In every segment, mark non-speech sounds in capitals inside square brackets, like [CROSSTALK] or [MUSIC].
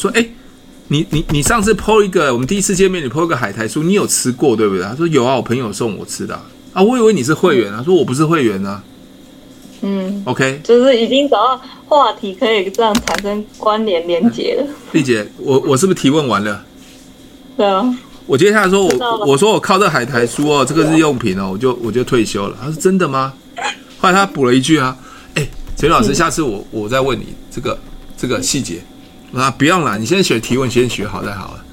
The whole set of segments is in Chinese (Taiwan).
說哎，你你你上次剖一個，我們第一次見面，你剖個海苔酥，你有吃過對不對？他說有啊，我朋友送我吃的啊。啊我以為你是會員啊，啊、嗯，說我不是會員呢、啊。嗯，OK，就是已經找到話題，可以這樣產生關聯連接了。麗姐，我我是不是提問完了？對啊。我接下來說我，我我說我靠這海苔酥哦，這個日用品哦，我就我就退休了。他說真的嗎？後來他補了一句啊，哎，陳老師、嗯，下次我我再問你這個這個細節。那、啊、不用了，你先學提問，先學好再好了。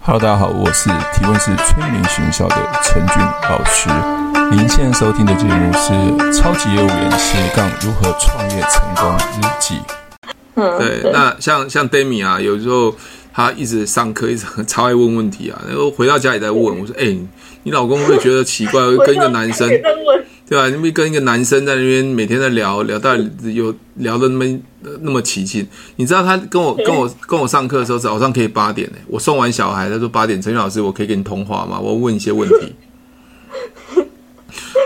Hello，大家好，我是提問是催眠學校的陳俊老師。您現在收聽的節目是《超級業務員斜槓如何創業成功日記》。嗯對。對。那像像 Demi 啊，有時候他一直上課一直超愛問問題啊，然後回到家裡再問我說：“哎、欸，你老公會覺得奇怪， [LAUGHS] 跟一個男生？” [LAUGHS] 對吧？因為跟一個男生在那邊每天在聊，聊到有聊得那，那麼那麼起勁，你知道他跟我跟我跟我上課的時候早上可以八點呢、欸，我送完小孩他說八點，陳宇老師我可以跟你通話嗎？我問一些問題，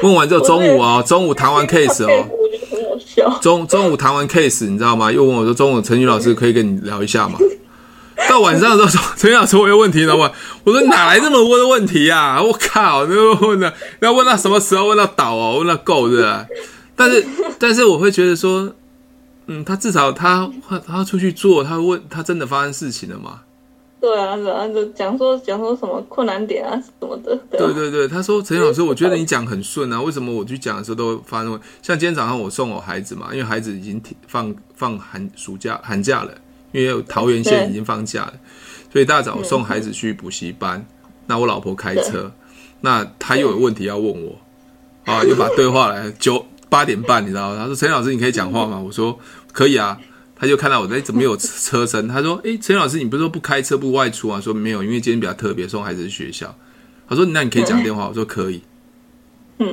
問完之後中午啊、哦，中午談完 case 哦，中中午談完 case 你知道嗎？又問我說中午陳宇老師可以跟你聊一下嗎？ [LAUGHS] 到晚上的時候，陳老師，我有問題，老闆，我說哪來這麼多的問題啊！我靠，那問的，要問到什麼時候？問到倒哦、啊，問到夠，對不對？但是，但是我會覺得說，嗯，他至少他他出去做，他問他真的發生事情了嗎？對啊，是啊，就講說講說什麼困難點啊什麼的對、啊。對對對，他說陳老師，我覺得你講很順啊，為什麼我去講的時候都會發生問？像今天早上我送我孩子嘛，因為孩子已經放放寒暑假寒假了。因為桃園縣已經放假了，所以一大早我送孩子去補習班，那我老婆開車，那她又有問題要問我，啊，又把對話來九八點半，你知道嗎？他說：“陳老師，你可以講話嗎？”我說：“可以啊。”他就看到我，哎，怎麼有車聲？他說：“哎，陳老師，你不是說不開車不外出啊？”說：“沒有，因為今天比較特別，送孩子去學校。”他說：“那你可以講電話。”我說：“可以。”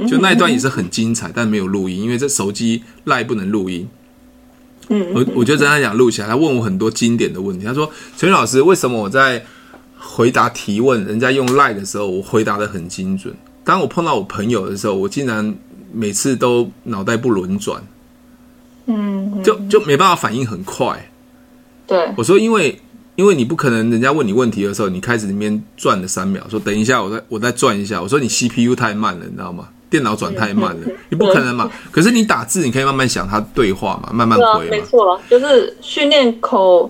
就那一段也是很精彩，但沒有錄音，因為這手機賴不能錄音。我我就跟他講錄起來，他問我很多經典的問題。他說：“陳老師，為什麼我在回答提問，人家用賴的時候，我回答的很精準？當我碰到我朋友的時候，我竟然每次都腦袋不輪轉，嗯，就就沒辦法反應很快。”對，我說：“因為因為你不可能，人家問你問題的時候，你開始裡面轉了三秒，說等一下我，我再我再轉一下。”我說：“你 CPU 太慢了，你知道嗎？”電腦轉太慢了，你不可能嘛？可是你打字，你可以慢慢想他對話嘛，慢慢回嘛。啊、沒錯，就是訓練口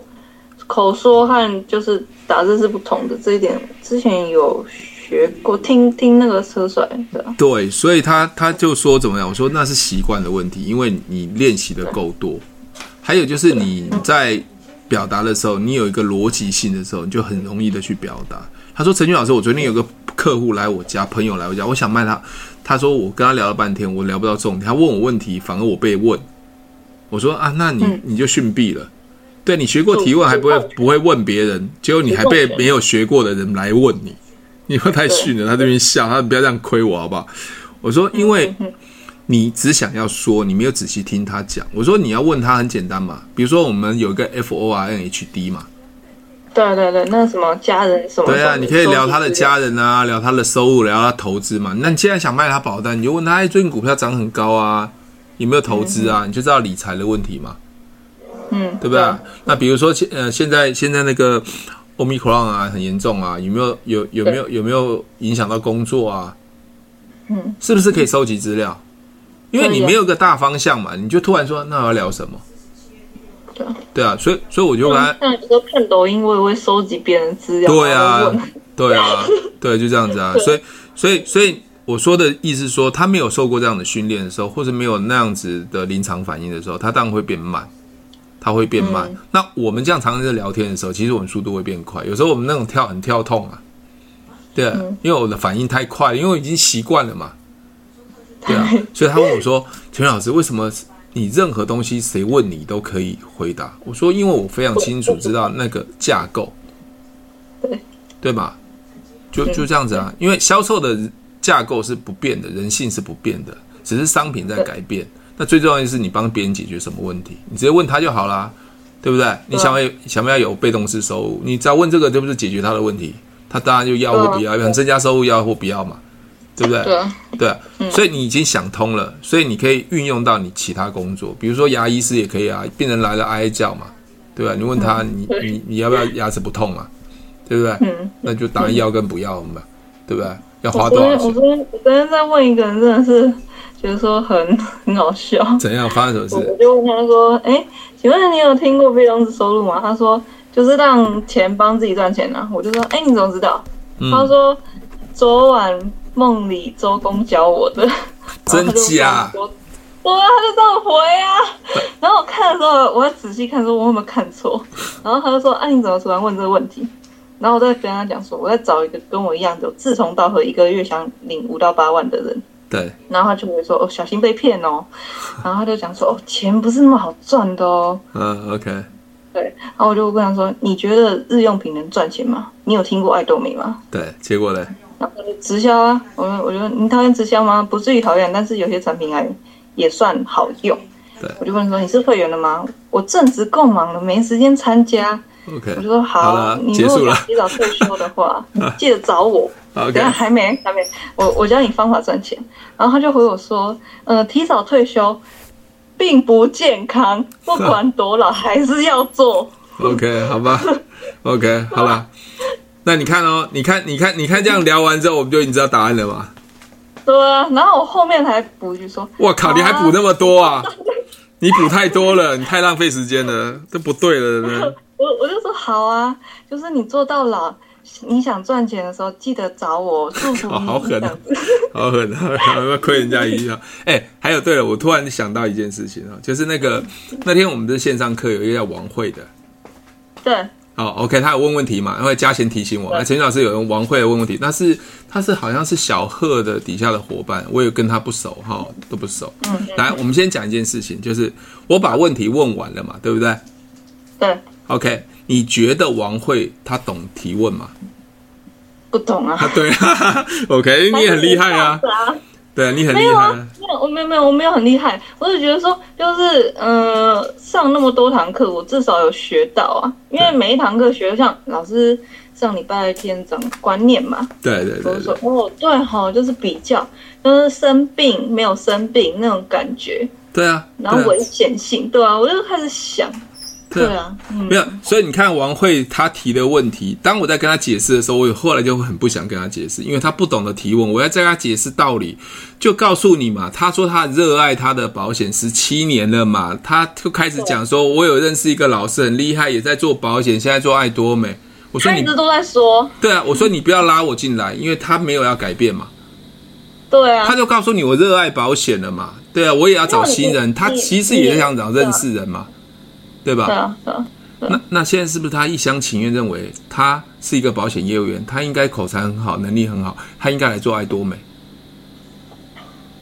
口說和就是打字是不同的這一點，之前有學過。聽聽那個車帥的，對，所以他他就說怎麼樣？我說那是習慣的問題，因為你練習的夠多，還有就是你在表達的時候，你有一個邏輯性的時候，你就很容易的去表達。他說陳俊老師，我昨天有個。客戶來我家，朋友來我家，我想賣他。他說我跟他聊了半天，我聊不到重點，他問我問題，反而我被問。我說啊，那你、嗯、你就遜斃了。對，你學過提問，還不會、嗯、不會問別人，結果你還被沒有學過的人來問你，你會太遜了。他這邊笑，對，他不要這樣虧我好不好？我說，因為你只想要說，你沒有仔細聽他講。我說你要問他很簡單嘛，比如說我們有一個 F O R N H D 嘛。對對對，那什麼家人什麼？對啊，你可以聊他的家人啊，聊他的收入，聊他投資嘛。那你既然想賣他保單，你就問他：哎，最近股票漲很高啊，有沒有投資啊、嗯？你就知道理財的問題嘛。嗯，對不對？那比如說，現呃，現在現在那個 Omicron 啊，很嚴重啊，有沒有有有沒有有沒有影響到工作啊？嗯，是不是可以收集資料、嗯？因為你沒有個大方向嘛，你就突然說，那我要聊什麼？對啊，所以所以我就來像有看抖音，我也會收集別人資料。對啊，對啊， [LAUGHS] 對啊，對，就這樣子啊。所以所以所以我說的意思是說，他沒有受過這樣的訓練的時候，或者沒有那樣子的臨場反應的時候，他當然會變慢，他會變慢。嗯、那我們這樣常常在聊天的時候，其實我們速度會變快。有時候我們那種跳很跳痛啊，對啊、嗯，因為我的反應太快了，因為我已經習慣了嘛。對啊，所以他問我說：“陳 [LAUGHS] 老師，為什麼？”你任何東西誰問你都可以回答。我說，因為我非常清楚知道那個架構，對對吧？就就這樣子啊。因為銷售的架構是不變的，人性是不變的，只是商品在改變。那最重要的是你幫別人解決什麼問題，你直接問他就好啦，對不對？你想不想要有被動式收入？你只要問這個，不是解決他的問題。他當然就要或不要，想增加收入要或不要嘛。對不對？對，啊對啊嗯，所以你已經想通了，所以你可以運用到你其他工作，比如說牙醫師也可以啊，病人來了哀叫嘛，對吧？啊，你問他你，嗯，你你你要不要牙齒不痛啊？對不對？嗯，那就答應要跟不要嘛，嗯，對不對？要花多少錢？我昨天我昨天在問一個人，真的是覺得說很很好笑。怎樣，發生什麼事？我就問他說：哎，請問你有聽過被動式收入嗎？他說：就是讓錢幫自己賺錢啊。我就說：哎，你怎麼知道？嗯，他說：昨晚。夢裡周公教我的，真假？我，我他就這樣回啊。然後我看的時候，我要仔細看說我有沒有看錯。然後他就說：“哎，你怎麼突然問這個問題？”然後我再跟他講說：“我在找一個跟我一樣的志同道合，一個月想領五到八萬的人。”對。然後他就會說：“哦，小心被騙哦。”然後他就講說：“哦，錢不是那麼好賺的哦。”嗯，OK。對。然後我就會跟他說：“你覺得日用品能賺錢嗎？你有聽過艾多美嗎？”對。結果呢？直銷啊，我我覺得你討厭直銷嗎？不至於討厭，但是有些產品還也算好用。我就問說你，你是會員的嗎？我正職夠忙了，沒時間參加。Okay, 我就說好，好，你如果要提早退休的話， [LAUGHS] 你記得找我。OK，等下還沒還沒，我我教你方法賺錢。然後他就回我說，呃、提早退休並不健康，不管多老、啊、還是要做。OK，好吧 [LAUGHS] ，OK，好吧啦。 [LAUGHS] 那你看哦，你看，你看，你看，這樣聊完之後，我們就已經知道答案了嗎？對啊，然後我後面還補一句說：“哇靠，啊、你還補那麼多啊？ [LAUGHS] 你補太多了，你太浪費時間了， [LAUGHS] 這不對了，我我就說好啊，就是你做到老，你想賺錢的時候，記得找我祝福。好好狠，好狠、啊， [LAUGHS] 好狠啊好狠啊、 [LAUGHS] 虧人家一下。哎、欸，還有對了，我突然想到一件事情啊，就是那個 [LAUGHS] 那天我們的線上課有一個叫王慧的，對。哦、oh，OK，他有問問題嘛？他會加前提醒我，陳老師有用王慧的問問題，但是他是，他是好像是小賀的底下的夥伴，我也跟他不熟哈，都不熟、嗯。來，我們先講一件事情，就是我把問題問完了嘛，對不對？對，OK，你覺得王慧她懂提問嗎？不懂啊，啊對啊 [LAUGHS] ，OK，你很厲害啊。對啊對，你很厲害，沒有啊，沒有，我沒有沒有，我沒有很厲害，我就覺得說，就是，呃，上那麼多堂課，我至少有學到啊，因為每一堂課學的像老師上禮拜天講觀念嘛，對對對，對，是說哦，對哈，就是比較，就是生病沒有生病那種感覺，對啊，對啊，然後危險性，對啊，我就開始想。對啊，沒有，所以你看王慧他提的問題，當我在跟他解釋的時候，我後來就很不想跟他解釋，因為他不懂得提問，我要再跟他解釋道理，就告訴你嘛，他說他熱愛他的保險十七年了嘛，他就開始講說，我有認識一個老師很厲害，也在做保險，現在做愛多美，我說你一直都在說，對啊，我說你不要拉我進來，因為他沒有要改變嘛，對啊，他就告訴你我熱愛保險了嘛，對啊，我也要找新人，他其實也想找認識人嘛。對吧？對啊，對啊。對啊，那那現在是不是他一廂情願認為他是一個保險業務員，他應該口才很好，能力很好，他應該來做艾多美？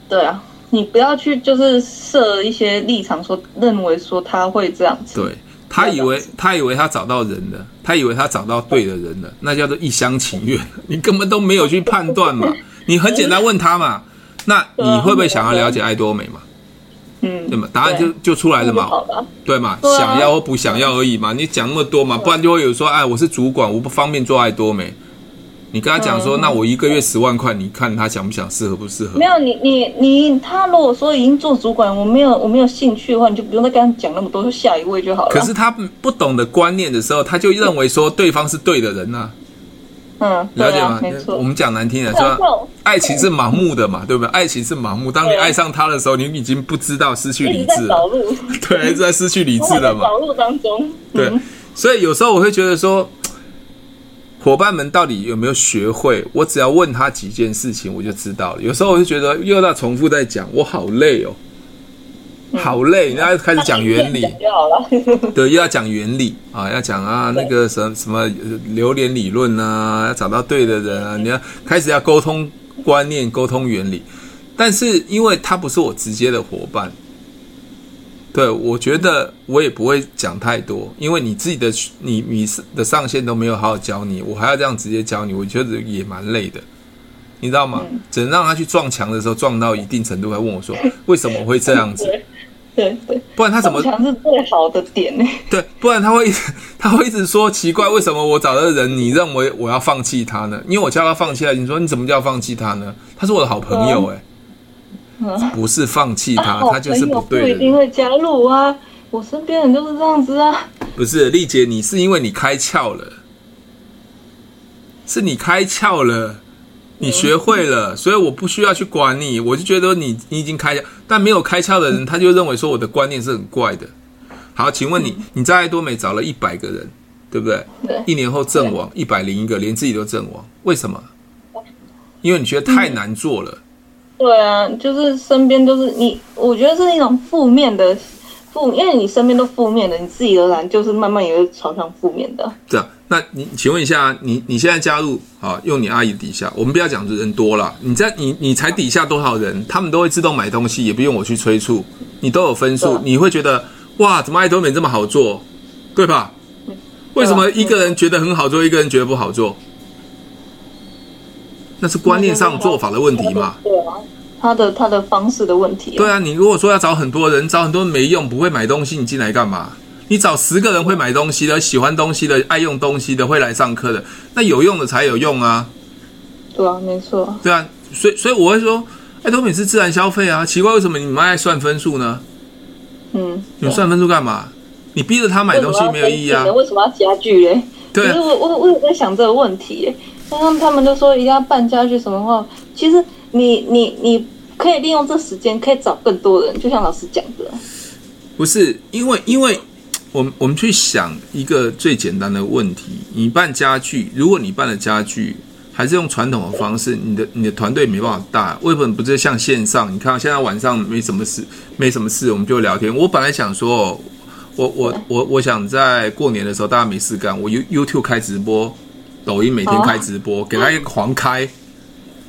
對啊，你不要去就是設一些立場說認為說他會這樣子。對，他以為他以為他找到人了，他以為他找到對的人了，那叫做一廂情願。你根本都沒有去判斷嘛，你很簡單問他嘛，那你會不會想要了解艾多美嘛？嗯，對嘛，答案就就出來了嘛，對嘛、啊，想要或不想要而已嘛，你講那麼多嘛，不然就會有說，哎，我是主管，我不方便做愛多美。你跟他講說、嗯，那我一個月十萬塊，你看他想不想，適合不適合？沒有，你你你，他如果說已經做主管，我沒有我沒有興趣的話，你就不用再跟他講那麼多，就下一位就好了。可是他不懂得觀念的時候，他就認為說對方是對的人啊。嗯嗯、啊，了解嗎？沒錯，我們講難聽的說，愛情是盲目的嘛，對不對？愛情是盲目，當你愛上他的時候，你已經不知道失去理智了。走路，對，一直在失去理智了嘛，走路當中。對，所以有時候我會覺得說，伙伴們到底有沒有學會？我只要問他幾件事情，我就知道了。有時候我就覺得又在重複在講，我好累哦。好累、嗯，你要開始講原理， [LAUGHS] 對，又要講原理啊，要講啊，那個什麼什麼榴蓮理論啊，要找到對的人啊，你要開始要溝通觀念、溝通原理，但是因為他不是我直接的伙伴，對，我覺得我也不會講太多，因為你自己的你你的上線都沒有好好教你，我還要這樣直接教你，我覺得也蠻累的。你知道嗎、嗯？只能讓他去撞牆的時候撞到一定程度，來問我說：“為什麼會這樣子？” [LAUGHS] 對對，對，不然他怎麼撞牆是最好的點呢？對，不然他會他會一直說奇怪，為什麼我找的人你認為我要放棄他呢？因為我叫他放棄了，你說你怎麼叫放棄他呢？他是我的好朋友哎，嗯嗯、是不是放棄他，啊，他就是不對的。啊、不一定會加入啊，我身邊人都是這樣子啊。不是麗姐，你是因為你開竅了，是你開竅了。你學會了，所以我不需要去管你，我就覺得你你已經開竅，但沒有開竅的人，他就認為說我的觀念是很怪的。好，請問你你在愛多美找了一百個人，對不對？對。一年後陣亡一百零一個，連自己都陣亡，為什麼？因為你覺得太難做了。對啊，就是身邊都是你，我覺得是一種負面的負，因為你身邊都負面的，你自己當然就是慢慢也會朝向負面的。這樣。那你請問一下，你你現在加入啊，用你阿姨底下，我們不要講人多了，你在你你才底下多少人，他們都會自動買東西，也不用我去催促，你都有分數，你會覺得哇，怎麼愛多美這麼好做，對吧？為什麼一個人覺得很好做，一個人覺得不好做？那是觀念上做法的問題嘛？對啊，他的他的方式的問題。對啊，你如果說要找很多人，找很多人沒用，不會買東西，你進來幹嘛？你找十個人會買東西的、喜歡東西的、愛用東西的、會來上課的，那有用的才有用啊！對啊，沒錯。對啊，所以所以我會說，哎、欸，多美是自然消費啊！奇怪，為什麼你們愛算分數呢？嗯，你算分數幹嘛、啊？你逼着他買東西沒有意義啊！為什麼要，為什麼要家具嘞？可是、啊、我我我有在想這個問題，剛剛他們都說一定要辦家具什麼話，其實你你你可以利用這時間可以找更多人，就像老師講的，不是因為因為。因為我我們去想一個最簡單的問題：你辦家具，如果你辦了家具還是用傳統的方式，你的你的團隊沒辦法大，為什麼不是像線上。你看現在晚上沒什麼事，沒什麼事我們就聊天。我本來想說，我我我我想在過年的時候大家沒事幹，我 U YouTube 開直播，抖音每天開直播，oh. 給他一個狂開，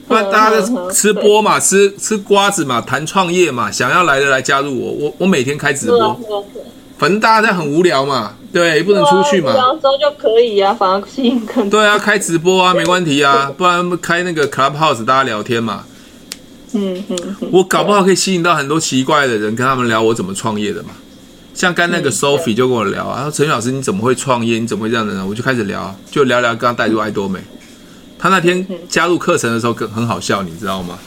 那大家的吃播嘛，oh. 吃吃瓜子嘛，談創業嘛，想要來的來加入我，我我每天開直播。Oh. Oh. Oh. 反正大家在很無聊嘛，對，也不能出去嘛，就可以啊，反而吸引對啊，開直播啊，沒問題啊，不然開那個 clubhouse，大家聊天嘛，嗯嗯，我搞不好可以吸引到很多奇怪的人，跟他們聊我怎麼創業的嘛，像剛那個 Sophie 就跟我聊啊，啊，陳老師你怎麼會創業？你怎麼會這樣的呢？我就開始聊，啊，就聊聊，跟他帶入愛多美，他那天加入課程的時候很好笑，你知道嗎？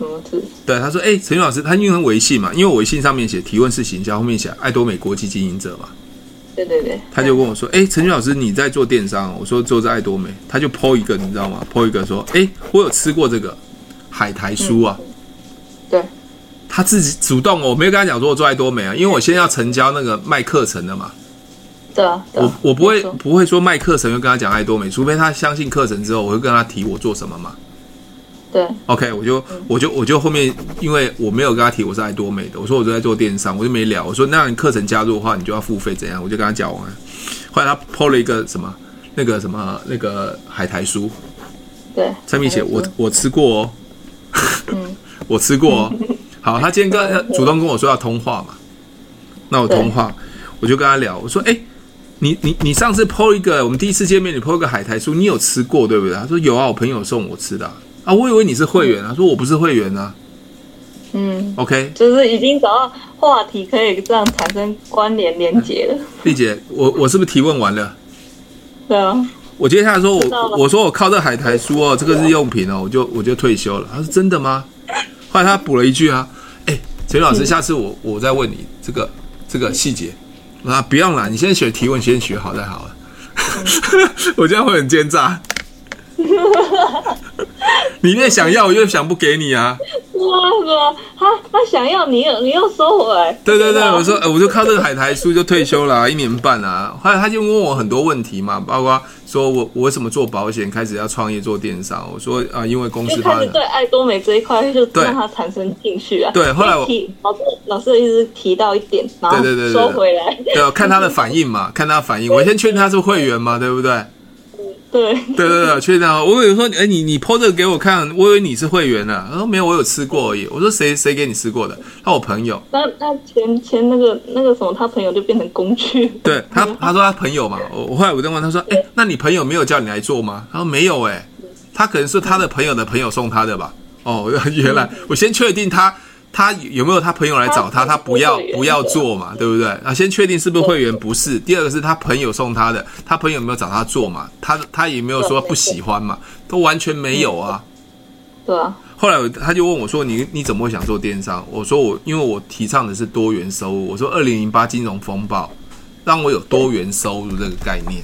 什、嗯、對，他說：“哎，陳俊老師，他因為微信嘛，因為我微信上面寫提問是行銷，後面寫愛多美國際經營者嘛。”對對對，他就問我說：“哎，陳俊老師，你在做電商？”我說：“做這愛多美。”他就 po 一個，你知道嗎？po 一個說：“哎，我有吃過這個海苔酥啊。嗯”對，他自己主動，我沒有跟他講說我做愛多美啊，因為我先要成交那個賣課程的嘛。對啊，對啊，我我不會不會說賣課程又跟他講愛多美，除非他相信課程之後，我會跟他提我做什麼嘛。對，OK，我就、嗯、我就我就後面，因為我沒有跟他提我是愛多美的，我說我都在做電商，我就沒聊。我說，那樣你課程加入的話，你就要付費，怎樣？我就跟他講完。後來他拋了一個什麼，那個什麼那個海苔酥，對，上面寫我我吃過，哦。我吃過哦。嗯、 [LAUGHS] 吃過哦、嗯。好，他今天跟他主動跟我說要通話嘛，嗯、那我通話，我就跟他聊，我說，哎、欸，你你你上次拋一個，我們第一次見面，你 po 一個海苔酥，你有吃過對不對？他說有啊，我朋友送我吃的、啊。啊，我以為你是會員啊，嗯、說我不是會員啊。嗯，OK，就是已經找到話題，可以這樣產生關聯連結了。麗、嗯、姐，我我是不是提問完了？對、嗯、啊。我接下來說我，我說我靠這海苔書哦，這個日用品哦，我就我就退休了。他說真的嗎？後來他補了一句啊，哎、欸，陳老師，下次我我再問你這個這個細節、嗯、啊，不要啦，你先學提問，先學好再好了。嗯、 [LAUGHS] 我這樣會很奸詐。 [LAUGHS] 你越想要，我越想不給你啊！哇，哇他他想要，你又你又收回來。對對對，我說、欸，我就靠這個海苔酥就退休了、啊， [LAUGHS] 一年半啊。後來他就問我很多問題嘛，包括說我我為什麼做保險，開始要創業做電商。我說啊，因為公司他對愛多美這一塊就是、讓他產生興趣啊。對，後來我後提老師老師一直提到一點，然後收回來，對，對，對，對，對，對，對，對，對、哦，看他的反應嘛， [LAUGHS] 看他反應。我先確認他是會員嘛，對不對？對，對對對對，確定啊，我以為說，誒你你 PO 這個給我看，我以為你是會員呢、啊。他說沒有，我有吃過而已。我說誰誰給你吃過的？他我朋友。那那前前那個那個什麼，他朋友就變成工具。對他 [LAUGHS] 他，他說他朋友嘛，我我後來我就問他說，哎，那你朋友沒有叫你來做嗎？他說沒有哎、欸，他可能是他的朋友的朋友送他的吧。哦，原來我先確定他。他有沒有他朋友來找他？他不要不要做嘛，對不對？啊，先確定是不是會員，不是。第二個是他朋友送他的，他朋友有沒有找他做嘛？他他也沒有說不喜歡嘛，都完全沒有啊。對啊。後來他就問我說：“你你怎麼會想做電商？”我說：“我因為我提倡的是多元收入。”我說：“二零零八金融風暴讓我有多元收入這個概念。”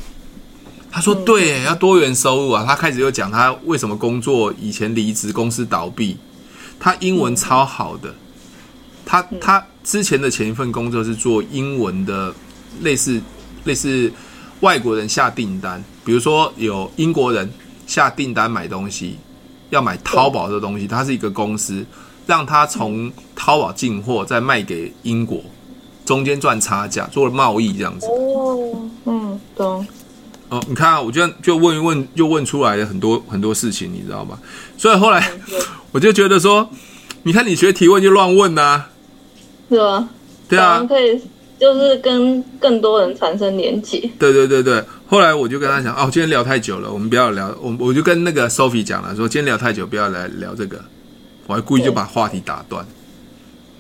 他說：“對，要多元收入啊！”他開始又講他為什麼工作以前離職，公司倒閉。他英文超好的，他他之前的前一份工作是做英文的，類似類似外國人下訂單，比如說有英國人下訂單買東西，要買淘寶的東西，他是一個公司讓他從淘寶進貨，再賣給英國，中間賺差價，做了貿易這樣子。哦，嗯，懂。哦，你看啊，我就就問一問，就問出來了很多很多事情，你知道吧？所以後來，我就覺得說，你看你學提問就亂問吶、啊，是吧？對啊，可以就是跟更多人產生連接。對對對對，後來我就跟他講，哦，今天聊太久了，我們不要聊。我我就跟那個 Sophie 講了，說今天聊太久，不要來聊這個。我還故意就把話題打斷。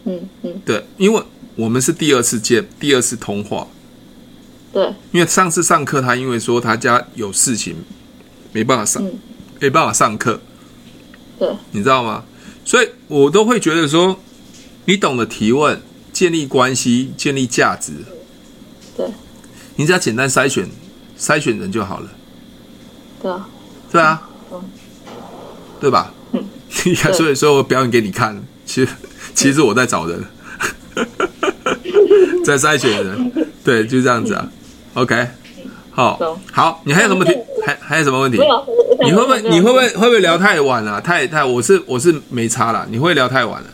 嗯嗯，對，因為我們是第二次見，第二次通話。對，因為上次上課，他因為說他家有事情，沒辦法上，嗯、沒辦法上課。對，你知道嗎？所以，我都會覺得說，你懂得提問、建立關係、建立價值，對，你只要簡單篩選、篩選人就好了。對啊，對啊，嗯嗯、對吧？嗯、對 [LAUGHS] 所以說我表演給你看，其實其實我在找人， [LAUGHS] 在篩選人，對，就這樣子啊。OK。好、oh, so.，好，你還有什麼題？還還有什麼問題？沒有，你會不會，你會不會，會不會聊太晚了，啊？太太，我是我是沒差了。你會聊太晚了？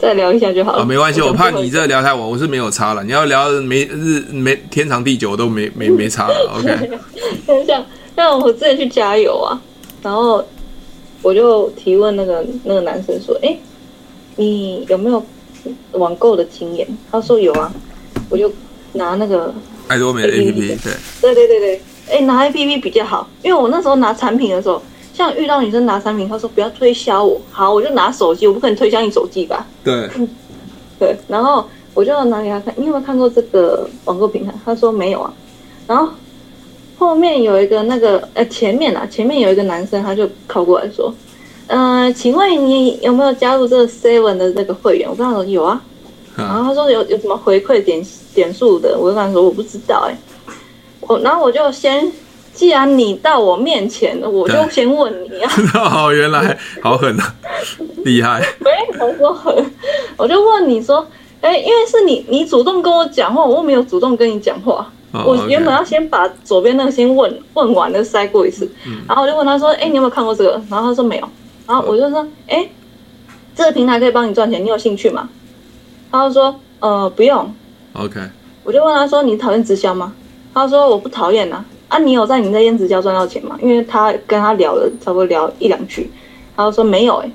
再聊一下就好了。Oh, 沒關係，我，我怕你這聊太晚，我是沒有差了。你要聊沒日沒天長地久我都沒沒沒差。 [LAUGHS] OK。等一下，那我之前去加油啊，然後我就提問那個那個男生說：“哎、欸，你有沒有網購的經驗？”他說有啊，我就拿那個。愛多美 A P P 對對對對，哎、欸、拿 A P P 比較好，因為我那時候拿產品的時候，像遇到女生拿產品，她說不要推銷我，好，我就拿手機，我不可能推銷你手機吧？對、嗯、對，然後我就拿給她看，你有沒有看過這個網購平台？她說沒有啊，然後後面有一個那個呃前面啊，前面有一個男生他就靠過來說，呃請問你有沒有加入這個 Seven 的那個會員？我跟他說有啊，嗯、然後他說有有什麼回饋點？點數的，我就跟他說：“我不知道。”哎，我然後我就先，既然你到我面前，我就先問你啊。 [LAUGHS] 哦，原來好狠啊，厲 [LAUGHS] 害！沒、欸，我不狠。我就問你說：“哎、欸，因為是你，你主動跟我講話，我又沒有主動跟你講話。Oh, okay. 我原本要先把左邊那個先問問完再塞過一次，然後我就問他說：‘哎、嗯欸，你有沒有看過這個？’然後他說沒有，然後我就說：‘哎、嗯欸，這個平台可以幫你賺錢，你有興趣嗎？’他就說：‘呃，不用。’ OK，我就問他說：“你討厭直銷嗎？”他說：“我不討厭吶。”啊，你有在你在燕子家賺到錢嗎？因為他跟他聊了差不多聊一兩句，然後說沒有哦、欸，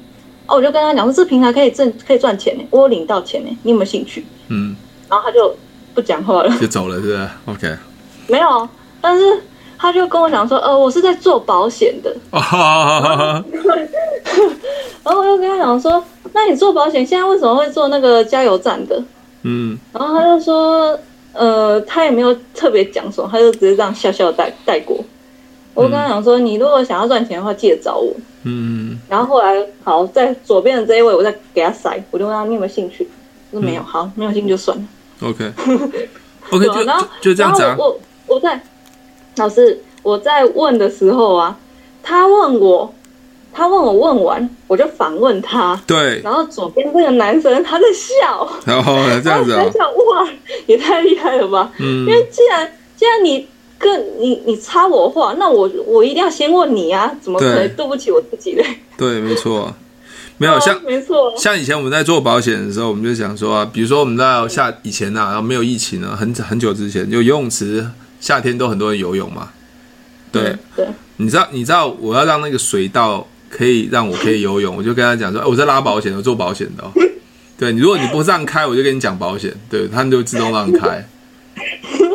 啊、我就跟他講說這平台可以掙可以賺錢哎、欸，我有領到錢哎、欸，你有沒有興趣？嗯，然後他就不講話了，就走了是不是？OK，沒有，但是他就跟我講說：“呃，我是在做保險的。”哦，哈哈哈哈哈，然後我就跟他講說：“那你做保險，現在為什麼會做那個加油站的？”嗯，然後他就說，呃，他也沒有特別講什麼，他就直接這樣笑笑帶帶過。我跟他講說、嗯，你如果想要賺錢的話，記得找我。嗯，然後後來好，在左邊的這一位，我再給他塞，我就問他，你有沒有興趣？他說沒有、嗯，好，沒有興趣就算了。OK，OK，、okay. okay, 就、 [LAUGHS] 啊、然後就就就這樣子、啊、我我，我在老師我在問的時候啊，他問我。他問我問完，我就反問他。對，然後左邊那個男生他在笑，然、哦、後這樣子、哦、他在笑哇，也太厲害了吧！嗯，因為既然既然你跟你你插我話，那我我一定要先問你啊，怎麼可能對，對不起我自己嘞？對，沒錯，沒有像、啊、沒錯，像以前我們在做保險的時候，我們就想說啊，比如說我們在夏、嗯、以前啊，然後沒有疫情啊，很很久之前就游泳池夏天都很多人游泳嘛，對對，對，你知道你知道我要讓那個水到。可以讓我可以游泳，我就跟他講說，哎、欸，我在拉保險，我做保險的、哦。對你，如果你不讓開，我就跟你講保險。對，他們就自動讓開。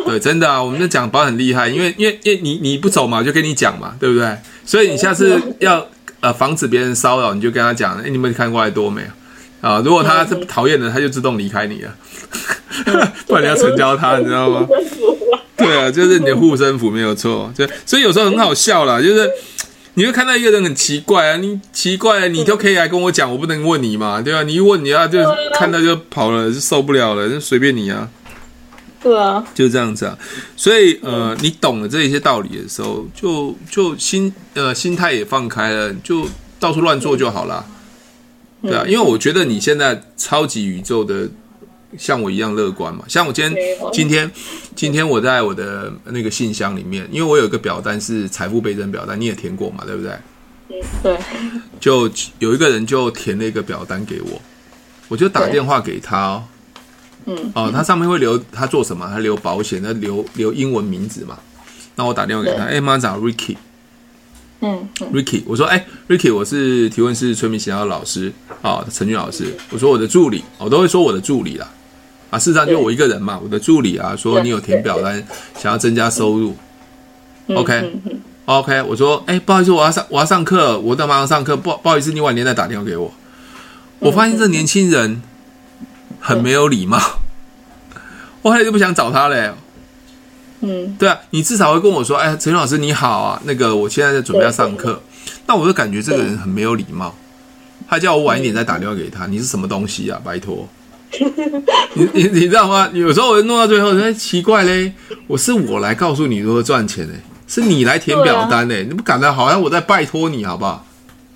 對，真的啊，我們在講保險很厲害，因為因為因為你你不走嘛，就跟你講嘛，對不對？所以你下次要呃防止別人騷擾，你就跟他講，哎、欸，你們看過來多美啊！啊，如果他是討厭的，他就自動離開你了。 [LAUGHS] 不然你要成交他，你知道嗎？對啊，就是你的護身符沒有錯，就所以有時候很好笑啦，就是。你會看到一個人很奇怪啊，你奇怪啊，你都可以來跟我講，我不能問你嘛，對吧啊？你一問，你要啊，就看到就跑了，就受不了了，就隨便你啊，對啊，就這樣子啊。所以，呃，你懂了這一些道理的時候，就就心呃心態也放開了，就到處亂做就好了，對啊。因為我覺得你現在超級宇宙的。像我一樣樂觀嘛？像我今天今天今天我在我的那個信箱裡面，因為我有一個表單是財富倍增表單，你也填過嘛？對不對？對。就有一個人就填了一個表單給我，我就打電話給他。嗯，哦，哦，他上面會留他做什麼？他留保險，他留留英文名字嘛？那我打電話給他，欸，哎，媽找 Ricky，嗯，Ricky，我說哎、欸，Ricky，我是提問是催眠學校的老師哦，陳俊老師，我說我的助理、哦，我都會說我的助理啦。啊，事實上就我一個人嘛，我的助理啊，說你有填表單，想要增加收入、嗯、，OK，OK，、okay, okay, 我說，哎、欸，不好意思，我要上我要上課，我在馬上上課，不不好意思，你晚點再打電話給我。我發現這年輕人很沒有禮貌，我後來就不想找他嘞。嗯，對啊，你至少會跟我說，哎、欸，陳老師你好啊，那個我現在在準備要上課，那我就感覺這個人很沒有禮貌，他叫我晚一點再打電話給他，你是什麼東西啊，拜托。 [LAUGHS] 你你你知道嗎？有時候我就弄到最後，人、欸、奇怪嘞，我是我來告訴你如何賺錢呢、欸？是你來填表單呢、欸啊？你不感到好像我在拜托你，好不好？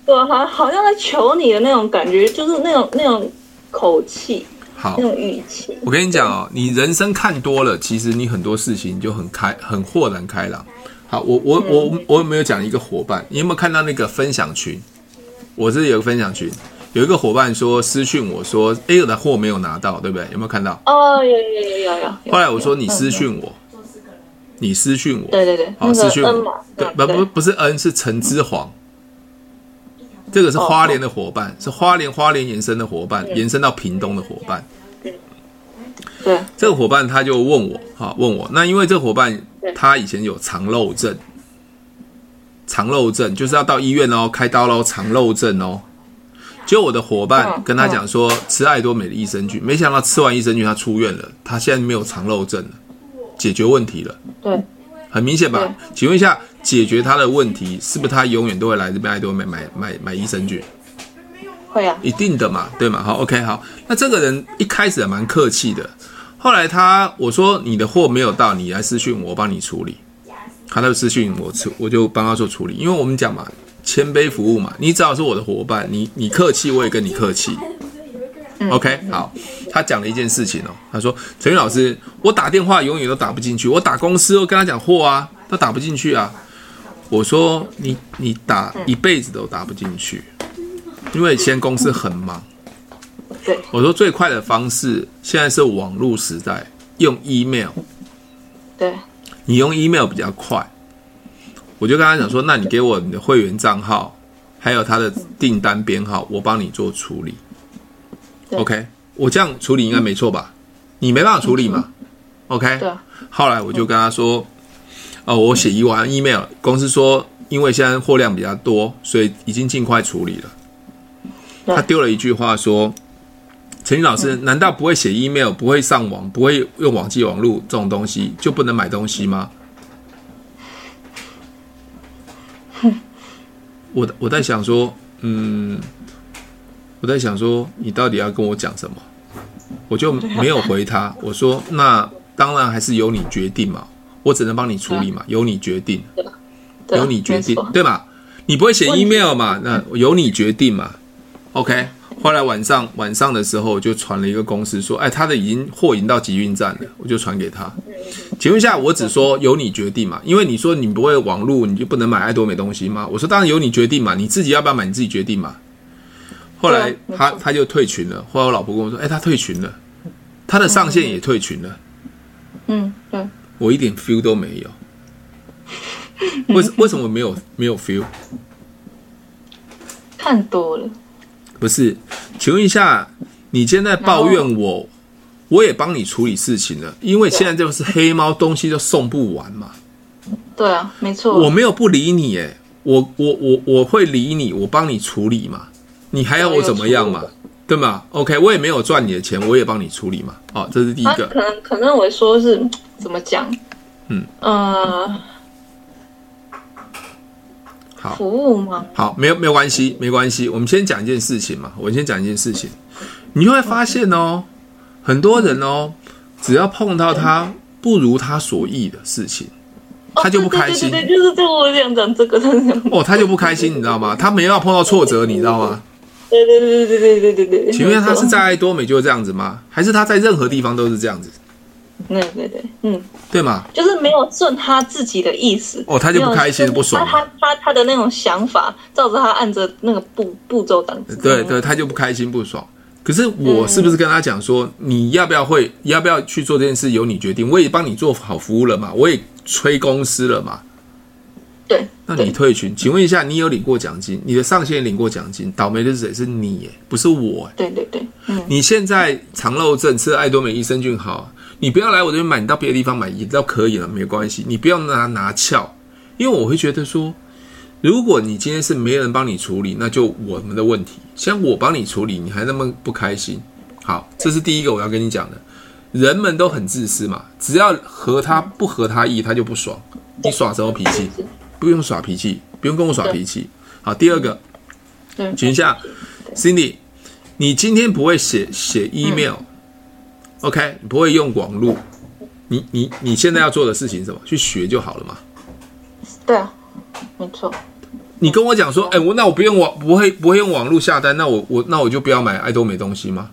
對、啊，好像好像在求你的那種感覺，就是那種那種口氣，好那種語氣。我跟你講哦，你人生看多了，其實你很多事情就很開，很豁然開朗。好，我我、嗯、我我有沒有講一個夥伴？你有沒有看到那個分享群？我這裡有個分享群。有一個夥伴說，私訊我說 A 的貨沒有拿到，對不對？有沒有看到？哦，有有有有有、有、有、有。後來我說你私訊我，嗯、你私訊我，對對對，好私訊我。對、嗯，不不不是 N 是橙之黃、嗯，這個是花蓮的夥伴，是花蓮花蓮延伸的伙伴，延伸到屏東的夥伴。對，對這個夥伴他就問我，哈，問我那因為這個夥伴他以前有腸漏症，腸漏症就是要到醫院哦開刀嘍，腸漏症哦。就我的夥伴跟他講說吃艾多美的益生菌，嗯嗯，沒想到吃完益生菌他出院了，他現在沒有腸漏症了，解決問題了。對，很明顯吧？請問一下，解決他的問題是不是他永遠都會來這邊艾多美買買買，買益生菌？會啊，一定的嘛，對嘛，好，OK，好。那這個人一開始還蠻客氣的，後來他我說你的貨沒有到，你來私訊我，我幫你處理。他來私訊我，我我就幫他做處理，因為我們講嘛。謙卑服務嘛，你只要是我的伙伴，你你客氣，我也跟你客氣。OK，好。他講了一件事情哦，他說陳雲老師，我打電話永遠都打不進去，我打公司，我跟他講貨啊，他打不進去啊。我說你你打一輩子都打不進去，因為以前公司很忙。對，我說最快的方式，現在是網絡時代，用 email。對，你用 email 比較快。我就跟他講說：“那你給我你的會員賬號，還有他的訂單編號，我幫你做處理。OK，我這樣處理應該沒錯吧？嗯、你沒辦法處理嘛？OK、啊。後來我就跟他說：‘嗯、哦，我寫一完、嗯、email，公司說因為現在貨量比較多，所以已經盡快處理了。’他丟了一句話說：‘嗯、陳云老師，難道不會寫 email，不會上網，不會用網際網路這種東西，就不能買東西嗎？’”我我在想說，嗯，我在想說，你到底要跟我講什麼？我就沒有回他。我說，那當然還是由你決定嘛，我只能幫你處理嘛，由你決定，由你決定，對吧？對吧，你，對吧，你不會寫 email 嘛？那由你決定嘛，嗯，OK。後來晚上晚上的時候，我就傳了一個公司說，哎，他的已經貨已經到集運站了，我就傳給他。請問一下，我只說由你決定嘛？因為你說你不會網絡，你就不能買愛多美東西嗎？我說當然由你決定嘛，你自己要不要買你自己決定嘛。後來他他就退群了。後來我老婆跟我說，哎，他退群了，他的上線也退群了。嗯嗯，我一點 feel 都沒有。為什為什麼沒有沒有 feel？太多了，不是。請問一下，你現在抱怨我，我也幫你處理事情了，因為現在就是黑貓、啊、東西就送不完嘛。對啊，沒錯，我沒有不理你哎，我我我我，我會理你，我幫你處理嘛，你還要我怎麼樣嘛？對，對嗎？OK，我也沒有賺你的錢，我也幫你處理嘛。好、哦，這是第一個。啊、可能可能我說是怎麼講？嗯呃。服務嗎？好，沒有，沒關係，沒關係。我們先講一件事情嘛，我們先講一件事情，你會發現哦，很多人哦，只要碰到他不如他所意的事情，他就不開心。哦、對，對，對，對就是就我想講這個這樣，哦，他就不開心，你知道嗎？他沒要碰到挫折，你知道嗎？對對對對對對對對，對。請問他是在愛多美就是這樣子嗎？還是他在任何地方都是這樣子？對對對，嗯，對嘛，就是沒有順他自己的意思哦，他就不開心不爽。他他他，他的那種想法，照着他按着那個步步驟當。對對、嗯，他就不開心不爽。可是我是不是跟他講說、嗯，你要不要會，要不要去做這件事由你決定？我也幫你做好服務了嘛，我也催公司了嘛。對，那你退群？嗯、請問一下，你有領過獎金？你的上線領過獎金？倒霉的是誰是你，不是我。對對對，嗯，你現在腸漏症吃艾多美益生菌好。你不要來我這邊買，你到別的地方買也都可以了，沒關係。你不要拿拿翹，因為我會覺得說，如果你今天是沒人幫你處理，那就我們的問題。像我幫你處理，你還那麼不開心，好，這是第一個我要跟你講的。人們都很自私嘛，只要和他不合他意，他就不爽。你耍什麼脾氣？不用耍脾氣，不用跟我耍脾氣。好，第二個，請一下對對，Cindy，你今天不會寫寫 email，嗯。OK，你不會用網絡，你你你現在要做的事情是什麼？去學就好了嘛。對啊，沒錯。你跟我講說，哎、欸，我那我不用網，不會不會用網絡下單，那我我那我就不要買愛多美東西嗎？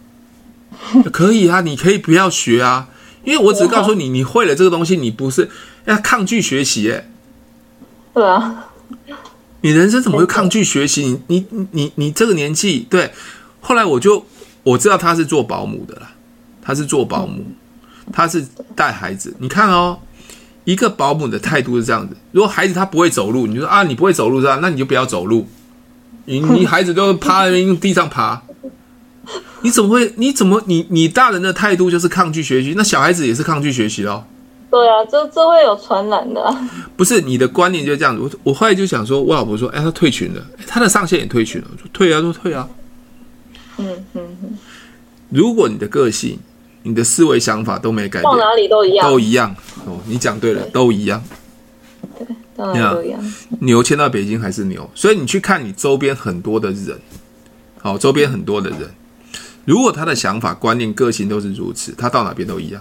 [LAUGHS] 可以啊，你可以不要學啊，因為我只是告訴你，你會了這個東西，你不是要抗拒學習耶、欸。對啊，你人生怎麼會抗拒學習？你你你你這個年紀，對。後來我就我知道他是做保姆的啦。他是做保姆，他是帶孩子。你看哦，一個保姆的態度是這樣子：如果孩子他不會走路，你就說啊，你不會走路是吧？那你就不要走路，你你孩子都趴在用地上爬。你怎麼會？你怎麼你你大人的態度就是抗拒學習？那小孩子也是抗拒學習哦。對啊，這這會有傳染的啊。不是你的觀念就這樣子。我我後來就想說，我老婆說，哎，他退群了，哎，他的上線也退群了。退啊，退啊，就退啊。嗯嗯嗯。如果你的個性。你的思維想法都沒改變，到哪裡都一樣，都一樣哦。你講對了對，都一樣。對，到哪裡都一樣。Yeah, 牛遷到北京還是牛，所以你去看你周邊很多的人，好、哦，周邊很多的人，如果他的想法、觀念、個性都是如此，他到哪邊都一樣。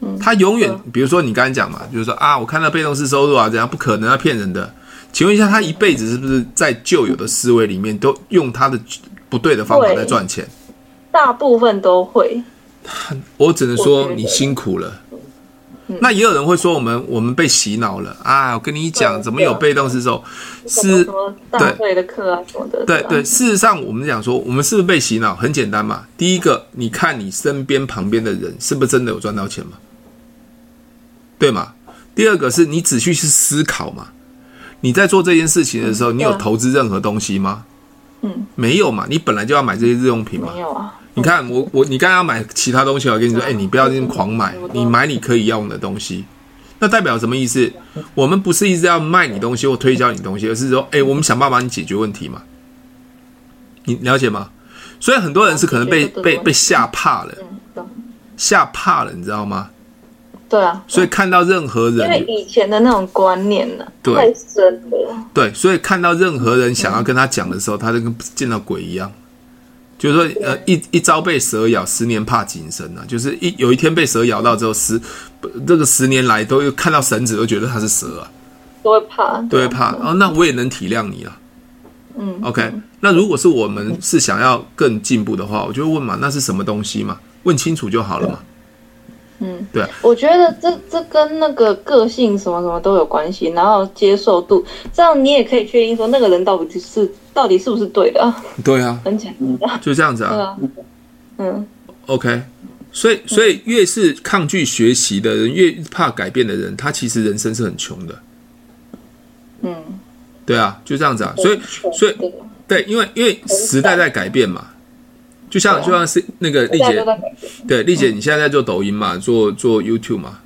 嗯、他永遠、嗯，比如說你剛才講嘛，就是說啊，我看到被動式收入啊，怎樣不可能、啊？要騙人的？請問一下，他一輩子是不是在舊有的思維裡面都用他的不對的方法在賺錢？大部分都會。我只能說你辛苦了。那也有人會說我們我們被洗腦了啊！我跟你講，怎麼有被動是時候是的課啊什麼的？對對,對,對,對，事實上我們講說，我們是不是被洗腦？很簡單嘛。第一個，你看你身邊旁邊的人是不是真的有賺到錢嗎？對嘛？第二個是你仔細去思考嘛？你在做這件事情的時候，你有投資任何東西嗎？嗯，沒有嘛？你本來就要買這些日用品嘛？沒有啊。你看我我你剛才要買其他東西，我跟你說，哎、欸，你不要這麼狂買，你買你可以用的東西。那代表什麼意思？我們不是一直要賣你東西或推銷你東西，而是說，哎、欸，我們想辦法幫你解決問題嘛。你了解嗎？所以很多人是可能被被被嚇怕了，嚇怕了，你知道嗎？對啊。所以看到任何人，因為以前的那種觀念呢、啊，太深了。對，所以看到任何人想要跟他講的時候，他就跟見到鬼一樣。就是說，呃，一一朝被蛇咬，十年怕井繩啊。就是一有一天被蛇咬到之後，十這個十年來都又看到繩子都覺得它是蛇啊，都會怕，對，怕，哦，啊。那我也能體諒你了，啊，嗯，OK。那如果是我們是想要更進步的話，我就問嘛，那是什麼東西嘛？問清楚就好了嘛。嗯，對啊，我覺得這這跟那個個性什麼什麼都有關係，然後接受度，這樣你也可以確定說那個人到底是到底是不是對的。對啊，很簡單的，就這樣子啊。對啊，嗯，OK，所以所以越是抗拒學習的人，越怕改變的人，他其實人生是很窮的。嗯，對啊，就這樣子啊。所以所以對，因為因為時代在改變嘛。就像就像是那個麗姐，對，麗姐，你現在在做抖音嘛？嗯、做做 YouTube 嘛？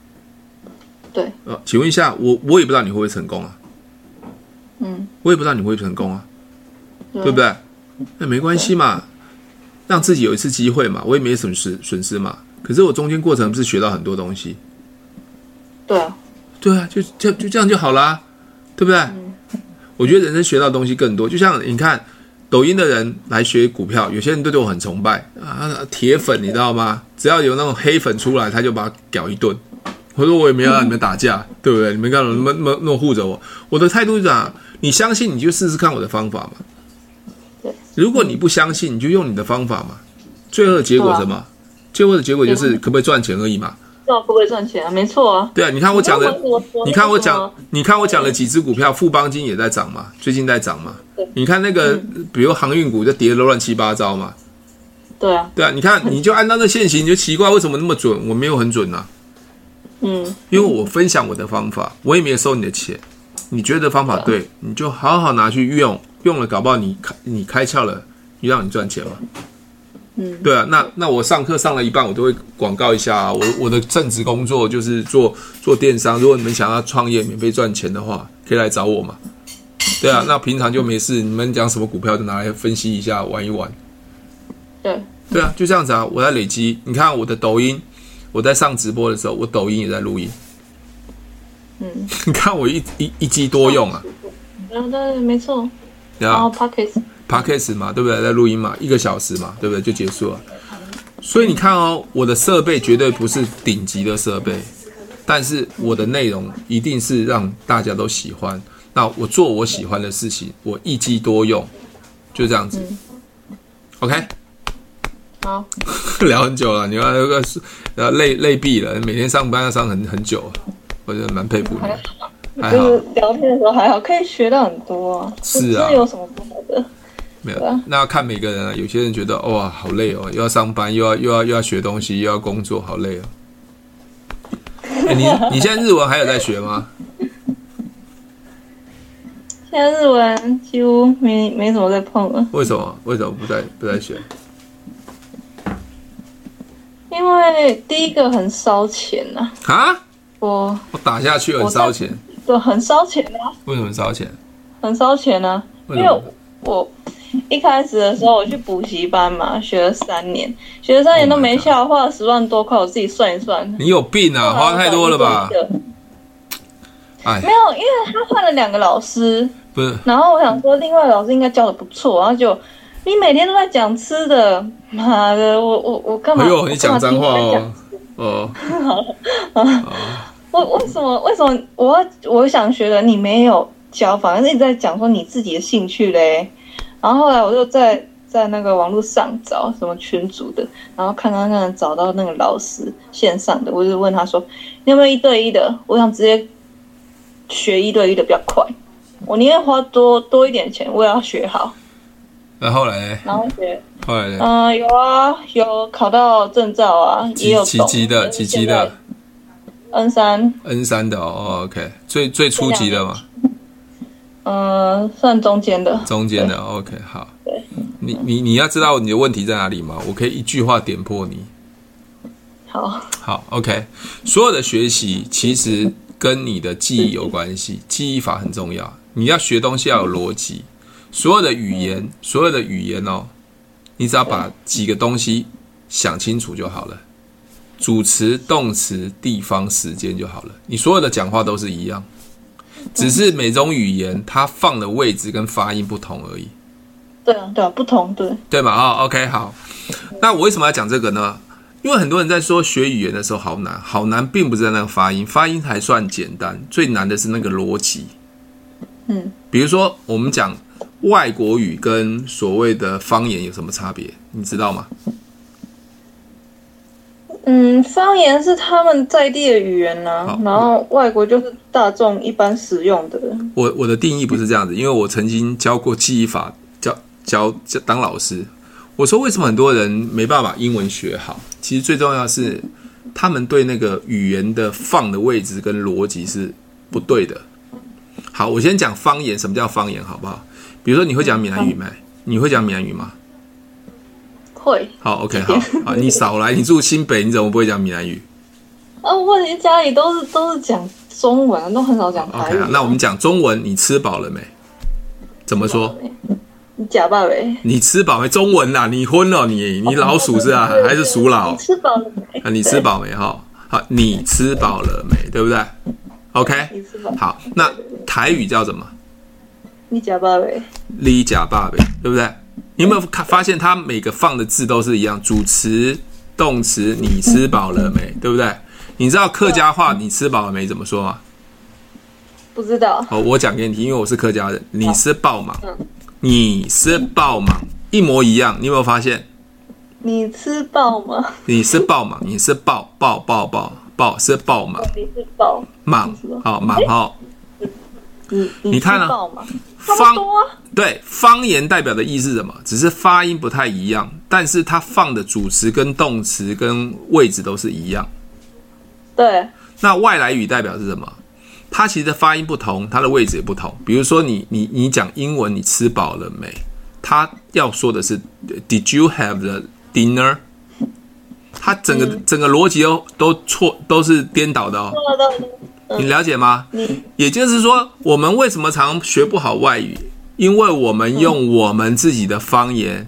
對呃、哦，請問一下，我我也不知道你會不會成功啊。嗯，我也不知道你會不會成功啊，對，對不對？那、哎、沒關係嘛，讓自己有一次機會嘛，我也沒什麼損失嘛。可是我中間過程不是學到很多東西？對啊，對啊，就就就這樣就好啦、啊，對不對、嗯？我覺得人生學到東西更多，就像你看。抖音的人來學股票，有些人對對我很崇拜啊，鐵粉你知道嗎？只要有那種黑粉出來，他就把他屌一頓。我說我也沒有讓你們打架、嗯，對不對？你們幹嘛那麼那麼那麼護着我？我的態度是啥？你相信你就試試看我的方法嘛。如果你不相信，你就用你的方法嘛。最後的結果是什麼、啊？最後的結果就是可不可以賺錢而已嘛。知道會不會賺錢啊？沒錯啊，對啊，你看我講的你我，你看我講，你看我講了、嗯、幾只股票，富邦金也在漲嘛，最近在漲嘛。對，你看那個，嗯、比如航運股在跌的亂七八糟嘛。對啊。對啊，你看，你就按照那線型，你就奇怪為什麼那麼準？我沒有很準啊。嗯。因為我分享我的方法，我也沒有收你的錢。你覺得方法對、嗯、你就好好拿去用，用了搞不好你開你開竅了，讓你賺錢了。嗯、對啊，那那我上課上了一半，我都會廣告一下、啊，我我的正職工作就是做做電商。如果你們想要創業、免費賺錢的話，可以來找我嘛。對啊，那平常就沒事，你們講什麼股票就拿來分析一下，玩一玩。對。對啊，就這樣子啊，我在累積。你看我的抖音，我在上直播的時候，我抖音也在錄音。嗯。 [LAUGHS] 你看我一一一機多用啊。然、嗯、後、對，沒錯。然後、oh, Pockets。p 卡 d a 嘛，對不對？在錄音嘛，一個小時嘛，對不對？就結束了。所以你看哦，我的設備絕對不是頂級的設備，但是我的內容一定是讓大家都喜歡。那我做我喜歡的事情，我一機多用，就這樣子。嗯、OK，好， [LAUGHS] 聊很久了，你要要累累斃了。每天上班要上很很久，我覺得蠻佩服你、嗯。還好，還好就是、聊天的時候還好，可以學到很多啊。是啊，就是、有什麼不好的？沒有，那要看每個人啊。有些人覺得，哇、哦，好累哦，又要上班，又要又要又要學東西，又要工作，好累哦。欸，你，你現在日文還有在學嗎？ [LAUGHS] 現在日文幾乎沒沒怎麼在碰了。為什麼？為什麼不在不在學？因為第一個很燒錢吶。啊？我我打下去很燒錢，對，很燒錢啊。為什麼燒錢？很燒錢啊。為什麼？因為我，我。一開始的時候我去補習班嘛，學了三年，學了三年，學了三年都沒效，oh，花了十萬多塊，我自己算一算。你有病啊，花太多了吧？哎，沒有，因為他換了兩個老師，不是。然後我想說，另外一個老師應該教的不錯，然後就你每天都在講吃的，媽的，我我我幹嘛？呃呦，你講髒話哦，哦、呃。 [LAUGHS] 好了啊，為、呃、為什麼為什麼我我想學的你沒有教，反正你在講說你自己的興趣嘞？然後後來我就在在那個網絡上找什麼群組的，然後看看看找到那個老師線上的，我就問他說：“你有沒有一對一的？我想直接學一對一的比較快，我寧願花多多一點錢，我也要學好。然後呢”然後來，然後後來，嗯、呃，有啊，有考到證照啊，也有七級的，七級的，N 三，N 三的，OK，最最初級的嘛。嗯，算中間的，中間的，OK，好。你你你要知道你的問題在哪裡嗎？我可以一句話點破你。好，好，OK。所有的學習其實跟你的記憶有關係，記憶法很重要。你要學東西要有邏輯。所有的語言、嗯，所有的語言哦，你只要把幾個東西想清楚就好了。主詞、動詞、地方、時間就好了。你所有的講話都是一樣。只是每種語言它放的位置跟發音不同而已。對啊，對啊，不同，對對吧？啊，Oh，OK，好。那我為什麼要講這個呢？因為很多人在說學語言的時候好難，好難，並不是在那個發音，發音還算簡單，最難的是那個邏輯。嗯，比如說我們講外國語跟所謂的方言有什麼差別，你知道嗎？嗯，方言是他們在地的語言呢、啊，然後外國就是大眾一般使用的。我我的定義不是這樣子，因為我曾經教過記憶法，教教，教，教當老師，我說為什麼很多人沒辦法英文學好？其實最重要的是他們對那個語言的放的位置跟邏輯是不對的。好，我先講方言，什麼叫方言，好不好？比如說你會講閩南語沒？你會講閩南語嗎？會好、oh,，OK，好，好， [LAUGHS] 你少來，你住新北，你怎麼不會講閩南語？啊，你，家裡都是都是講中文，都很少講台語。Oh, okay, 那我們講中文，你吃飽了沒？怎麼說？你假霸唄？你吃飽沒，沒？中文吶、啊，你昏了你，你你老鼠是啊？哦，是是還是鼠老？你吃飽了沒？啊，你吃飽沒？哈，好，你吃飽了沒？對不對？OK，好，那台語叫什麼？你假霸唄？你假霸唄？對不對？你有沒有看發現他每個放的字都是一樣？主詞、動詞，你吃飽了沒？對不對？你知道客家話“你吃飽了沒”怎麼說嗎？不知道。好，我講給你聽，因為我是客家人。你是爆嗎？你是爆嗎，一模一樣。你有沒有發現？你吃飽嗎？你是爆嗎，你是爆，爆爆爆爆爆是爆蟒。你是爆蟒，好你你，你看啊，方啊對方言代表的意思是什麼？只是發音不太一樣，但是它放的主詞跟動詞跟位置都是一樣。對，那外來語代表是什麼？它其實的發音不同，它的位置也不同。比如說你，你你你講英文，你吃飽了沒？他要說的是，Did you have the dinner？他整個、嗯、整個邏輯都錯，都是顛倒的哦。你了解嗎？嗯。也就是說，我們為什麼常常學不好外語？因為我們用我們自己的方言，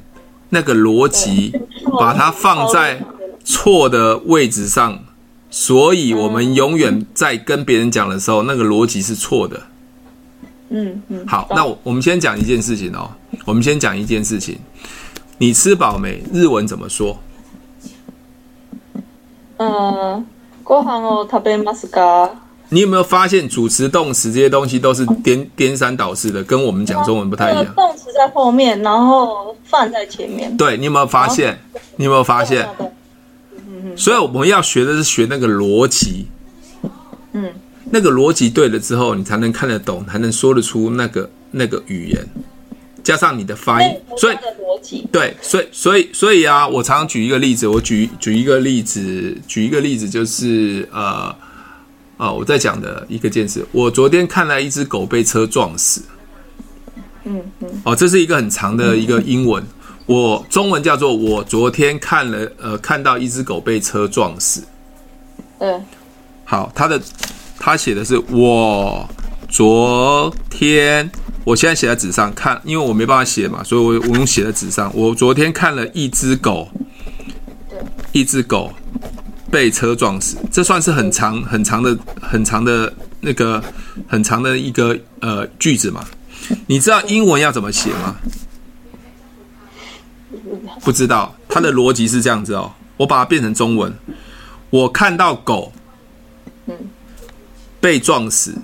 那個邏輯，把它放在錯的位置上，所以我們永遠在跟別人講的時候，那個邏輯是錯的。嗯嗯。好，那我我們先講一件事情哦。我們先講一件事情。你吃飽沒？日文怎麼說？嗯，ご飯を食べますか？你有沒有發現，主詞動詞這些東西都是顛顛三倒四的，跟我們講中文不太一樣。啊那個、動詞在後面，然後放在前面。對，你有沒有發現？啊、你有沒有發現、嗯？所以我們要學的是學那個邏輯。嗯，那個邏輯對了之後，你才能看得懂，才能說得出那個那個語言，加上你的發音、欸。所以對，所以所以所以啊，我常常舉一個例子，我舉舉一個例子，舉一個例子就是呃。啊、哦，我在講的一個件事。我昨天看了一隻狗被車撞死。嗯嗯。哦，這是一個很長的一個英文，我中文叫做我昨天看了，呃，看到一隻狗被車撞死。嗯。好，他的他寫的是我昨天，我現在寫在紙上看，因為我沒辦法寫嘛，所以我我用寫在紙上。我昨天看了一隻狗，對，一隻狗。被車撞死，這算是很長、很長的、很長的那個、很長的一個呃句子嘛。你知道英文要怎麼寫嗎？不知道，它的邏輯是這樣子哦。我把它變成中文，我看到狗，被撞死，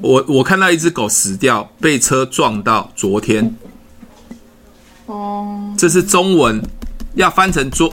我我看到一隻狗死掉，被車撞到，昨天，哦，這是中文要翻成中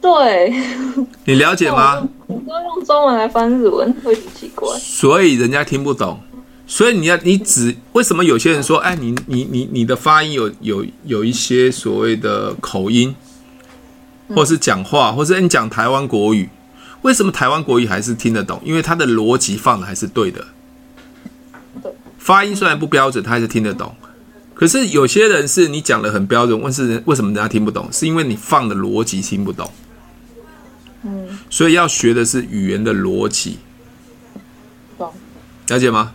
對你了解嗎？我都，我都用中文來翻日文會很奇怪，所以人家聽不懂。所以你要你只為什麼有些人說，哎，你你你你的發音有有有一些所謂的口音，或是講話，或是你講台灣國語，為什麼台灣國語還是聽得懂？因為他的邏輯放的還是對的，發音雖然不標準，他還是聽得懂。可是有些人是你講的很標準，問是為什麼人家聽不懂？是因為你放的邏輯聽不懂。嗯，所以要學的是語言的邏輯，懂，了解嗎？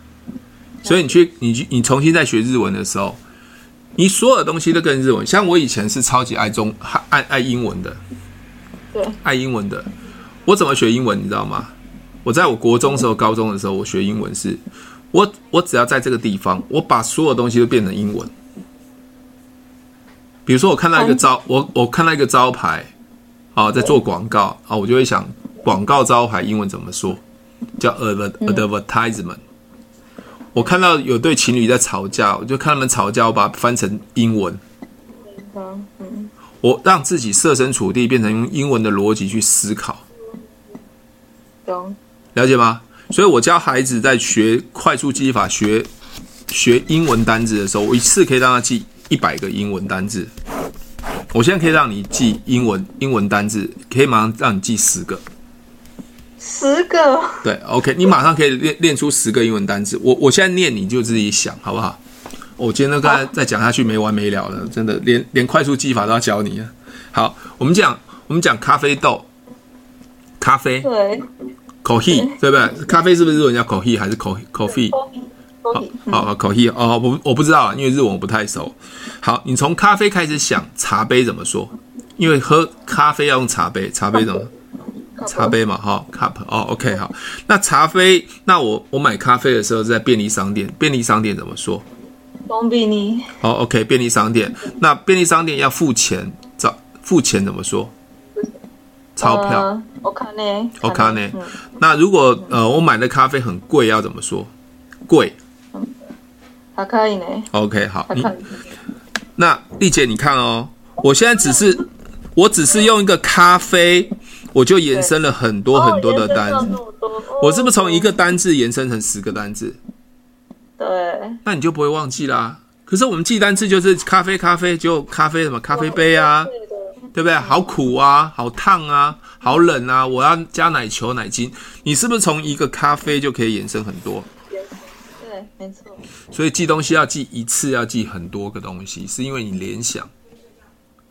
所以你去，你去，你重新再學日文的時候，你所有東西都跟日文。像我以前是超級愛中愛愛英文的，對，愛英文的。我怎麼學英文？你知道嗎？我在我國中的時候、高中的時候，我學英文是，我我只要在這個地方，我把所有東西都變成英文。比如說，我看到一個招，我我看到一個招牌。啊、哦，在做廣告啊、哦，我就會想廣告招牌英文怎麼說，叫 ad advertisement、嗯。我看到有對情侶在吵架，我就看他們吵架，我把它翻成英文。嗯嗯、我讓自己設身處地，變成用英文的邏輯去思考。懂、嗯。了解嗎？所以，我教孩子在學快速記憶法學、學學英文單字的時候，我一次可以讓他記一百個英文單字。我現在可以讓你記英文英文單字可以馬上讓你記十個，十個。對，OK，你馬上可以練練出十個英文單詞。我我現在念你就自己想，好不好？我今天都剛才再講下去、啊、沒完沒了了，真的連連快速記法都要教你了。好，我們講我們講咖啡豆，咖啡，對，coffee，對不對？咖啡是不是日文叫 coffee 還是 co coffee？好好口譯哦，我我不知道，因為日文我不太熟。好，你從咖啡開始想，茶杯怎麼說？因為喝咖啡要用茶杯，茶杯怎麼？茶杯嘛，哈，哦，cup，哦。哦，OK，好。那茶杯，那我我買咖啡的時候是在便利商店，便利商店怎麼說？便、哦、利。哦，OK，便利商店。那便利商店要付錢，找付錢怎麼說？鈔票。おかね，おかね。那如果呃我買的咖啡很貴，要怎麼說？貴。還可以呢。OK，好。那麗姐，你看哦，我現在只是，我只是用一個咖啡，我就延伸了很多很多的單。哦哦、我是不是從一個單字延伸成十個單字？對。那你就不會忘記啦，啊。可是我們記單詞就是咖啡，咖啡就咖啡什麼咖啡杯啊，對對不對？好苦啊，好燙啊，好冷啊，我要加奶球、奶精。你是不是從一個咖啡就可以延伸很多？對，沒錯。所以記東西要記一次，要記很多個東西，是因為你聯想。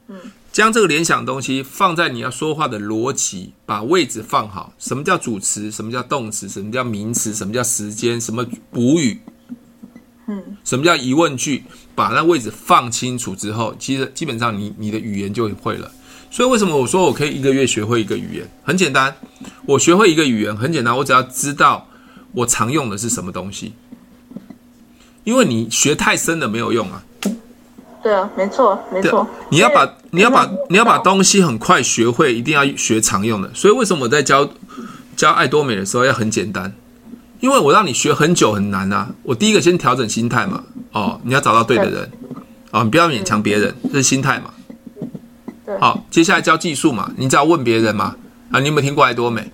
嗯，將這個聯想東西放在你要說話的邏輯，把位置放好。什麼叫主詞？什麼叫動詞？什麼叫名詞？什麼叫時間？什麼補語？嗯，什麼叫疑問句？把那位置放清楚之後，其實基本上你你的語言就會了。所以為什麼我說我可以一個月學會一個語言？很簡單，我學會一個語言很簡單，我只要知道我常用的是什麼東西。因為你學太深了，沒有用啊，對啊，沒錯，沒錯。你要把你要把你要把東西很快學會，一定要學常用的。所以為什麼我在教教艾多美的時候要很簡單？因為我讓你學很久很難啊。我第一個先調整心態嘛，哦，你要找到對的人，啊、哦，你不要勉強別人，嗯、這是心態嘛。好、哦，接下來教技術嘛，你只要問別人嘛，啊，你有沒有聽過艾多美？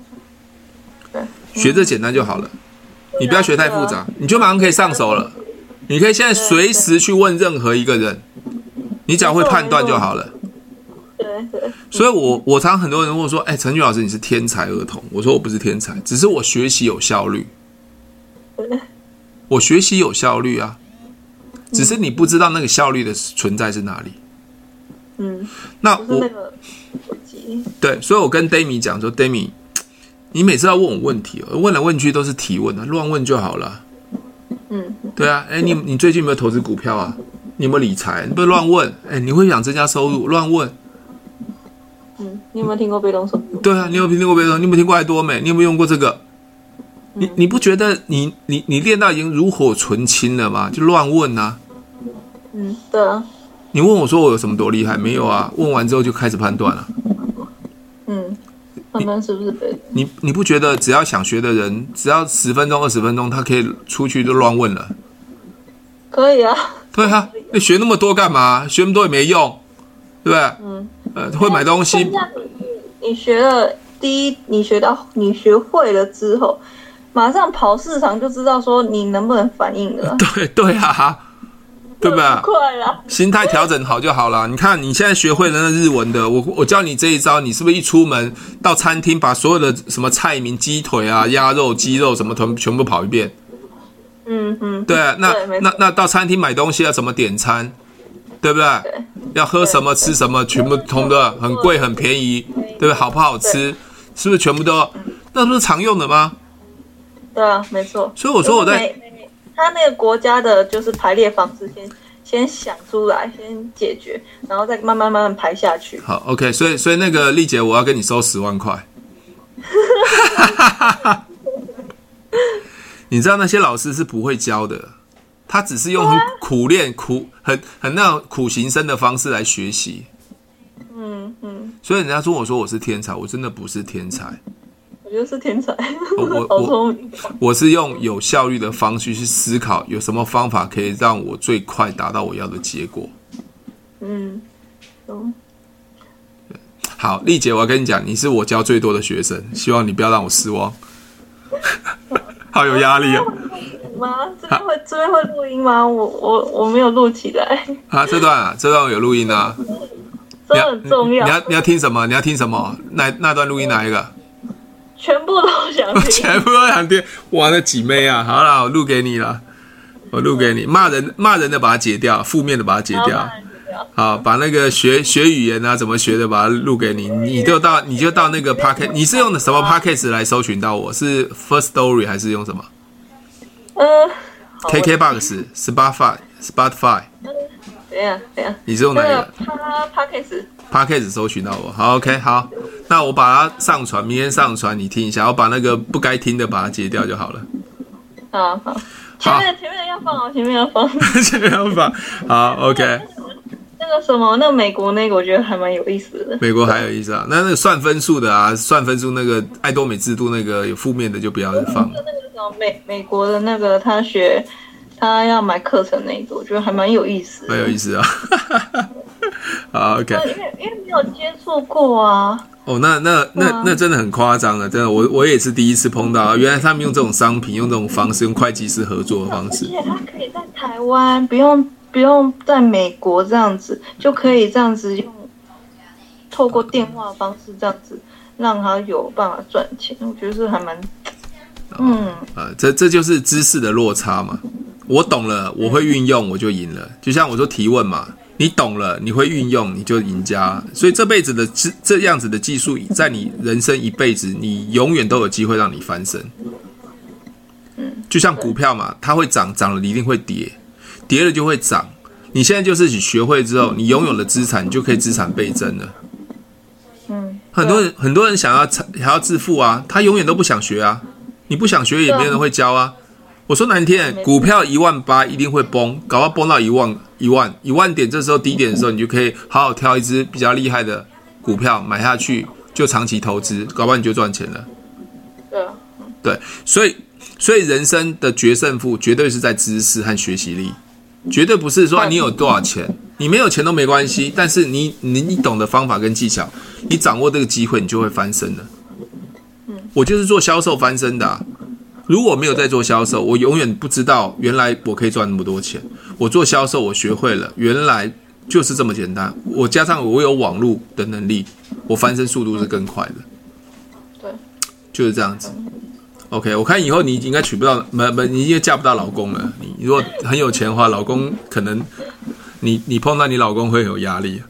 對，學這簡單就好了、嗯，你不要學太複雜、啊，你就馬上可以上手了。嗯嗯你可以現在隨時去問任何一個人，你只要會判斷就好了。對。所以，我我常很多人問我說：“哎，陳俊老師，你是天才兒童？”我說：“我不是天才，只是我學習有效率。我學習有效率啊，只是你不知道那個效率的存在是哪裡。”嗯。那我。對，所以，我跟 Dammy 講說：“Dammy，你每次要問我問題，喔，問來問去都是提問啊，亂問就好了。”對啊，欸、你你最近有沒有投資股票啊？你有沒有理財？你不要亂問、欸。你會想增加收入？亂問。嗯，你有沒有聽過被動收入？對啊，你有聽過被動？你有沒有聽過愛多美？你有沒有用過這個？嗯、你你不覺得你你你練到已經爐火純青了嗎？就亂問啊。嗯，對啊。你問我說我有什麼多厲害？沒有啊。問完之後就開始判斷了。嗯，判斷是不是被？你你不覺得只要想學的人，只要十分鐘、二十分鐘，他可以出去就亂問了？可以啊，對啊，啊，你學那麼多幹嘛？啊、學那麼多也沒用，對不對？嗯，呃，會買東西。這樣，你你學了第一，你學到你學會了之後，馬上跑市場就知道說你能不能反應了。對對啊，對不對？快了、啊，心態調整好就好了。你看，你現在學會了那日文的，我我教你這一招，你是不是一出門到餐廳，把所有的什麼菜名、雞腿啊、鴨肉、雞肉什麼全部跑一遍？嗯嗯，對啊，那那那到餐廳買東西要怎麼點餐，對不對？對，要喝什麼吃什麼，全部通的，很貴很便宜對，對不對？好不好吃？是不是全部都？那都是常用的嗎？對啊，沒錯。所以我說我在他、就是、那個國家的就是排列方式先，先先想出來，先解決，然後再慢慢慢慢排下去。好，OK，所以所以那個麗姐，我要跟你收十萬塊。 [LAUGHS] [LAUGHS] 你知道那些老師是不會教的，他只是用很苦練、yeah. 苦很很那種苦行僧的方式來學習。嗯嗯。所以人家說我說我是天才，我真的不是天才。我覺得是天才， [LAUGHS] oh, 我我 [LAUGHS] 我是用有效率的方式去思考，有什麼方法可以讓我最快達到我要的結果？嗯、mm -hmm.mm-hmm.，好，麗姐，我要跟你講，你是我教最多的學生，希望你不要讓我失望。 [LAUGHS] 好有壓力嗎？啊！錄這邊會這邊會錄音嗎？我我我沒有錄起來。啊，這段啊，這段有錄音啊，這很重要。你，你要你要聽什麼？你要聽什麼？哪？那，那段錄音哪一個？全部都想聽，全部都想聽。我的姐妹啊，好了，我錄給你了，我錄給你。罵人罵人的把它剪掉，負面的把它剪掉。好，把那個學學語言啊，怎麼學的，把它錄給你。你就到你就到那個 podcast，你是用的什麼 podcast 來搜尋到我？我是 First Story 還是用什麼、嗯、？KK Box、Spotify、Spotify。嗯、等一下，等一下，你是用哪一個？他、那個、podcast podcast 搜尋到我。好 OK 好，那我把它上傳，明天上傳你聽一下。我把那個不該聽的把它截掉就好了。嗯、好。好，前面的前面的要放、哦，前面要放。 [LAUGHS] 前面要放，好 OK。 [LAUGHS] 那個什麼，那美國那個，我覺得還蠻有意思的。美國還有意思啊？那那個算分數的啊，算分數那個艾多美制度那個有負面的就不要放。嗯，就是、那個什麼美美國的那個，他學他要買課程那一個，我覺得還蠻有意思，蠻有意思啊。 [LAUGHS] 好，OK。因為因為沒有接觸過啊。哦，那那、啊、那那真的很誇張了，真的，我我也是第一次碰到啊。原來他們用這種商品， [LAUGHS] 用這種方式，用會計師合作的方式，而且他可以在台灣不用，不用在美國這樣子，就可以這樣子用，透過電話方式這樣子讓他有辦法賺錢。我覺得是還蠻，嗯，oh, 呃，這這就是知識的落差嘛。我懂了，我會運用，我就贏了。就像我說提問嘛，你懂了，你會運用，你就贏家。所以這輩子的這這樣子的技術，在你人生一輩子，你永遠都有機會讓你翻身。就像股票嘛，它會漲，漲了一定會跌。跌了就會漲，你現在就是你學會之後，你擁有的資產你就可以資產倍增了。嗯，啊、很多人很多人想要還要致富啊，他永遠都不想學啊。你不想學也沒有人會教啊。啊我說南天，股票一萬八一定會崩，搞到崩到一萬一萬一萬點，這時候低點的時候，你就可以好好挑一只比較厲害的股票買下去，就長期投資，搞完你就賺錢了。對、啊，對，所以所以人生的決勝負，絕對是在知識和學習力。絕對不是說你有多少錢，你沒有錢都沒關係。但是你你你懂得方法跟技巧，你掌握這個機會，你就會翻身了。嗯，我就是做銷售翻身的啊。如果沒有在做銷售，我永遠不知道原來我可以賺那麼多錢。我做銷售，我學會了原來就是這麼簡單。我加上我有網絡的能力，我翻身速度是更快的。對，就是這樣子。OK，我看以後你應該娶不到，沒沒，你也嫁不到老公了。你如果很有錢的話，老公可能你你碰到你老公會有壓力啊，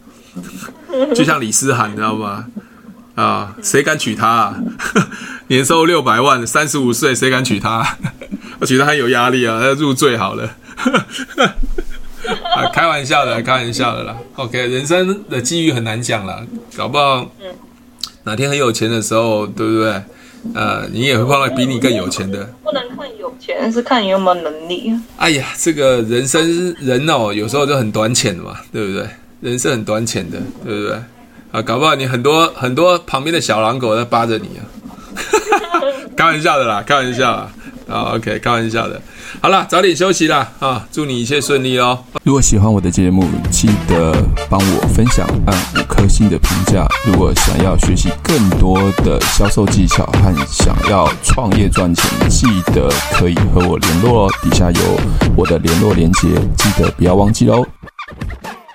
就像李思涵，你知道吧？啊，誰敢娶她啊？年收六百萬，三十五歲，誰敢娶她？我覺得很有壓力啊，她入贅好了。啊，開玩笑的，開玩笑的啦。OK，人生的機遇很難講啦，搞不好哪天很有錢的時候，對不對？呃，你也會碰到比你更有錢的。不能看有錢，是看你有沒有能力。哎呀，這個人生人哦，有時候就很短淺的嘛，對不對？人是很短淺的，對不對？啊，搞不好你很多很多旁邊的小狼狗在扒着你啊！ [LAUGHS] 開玩笑的啦，開玩笑啦，啊、哦，OK，開玩笑的。好啦，早點休息啦。啊！祝你一切順利哦。如果喜歡我的節目，記得幫我分享，按五顆星的評價。如果想要學習更多的銷售技巧和想要創業賺錢，記得可以和我聯絡哦。底下有我的聯絡鏈接，記得不要忘記哦。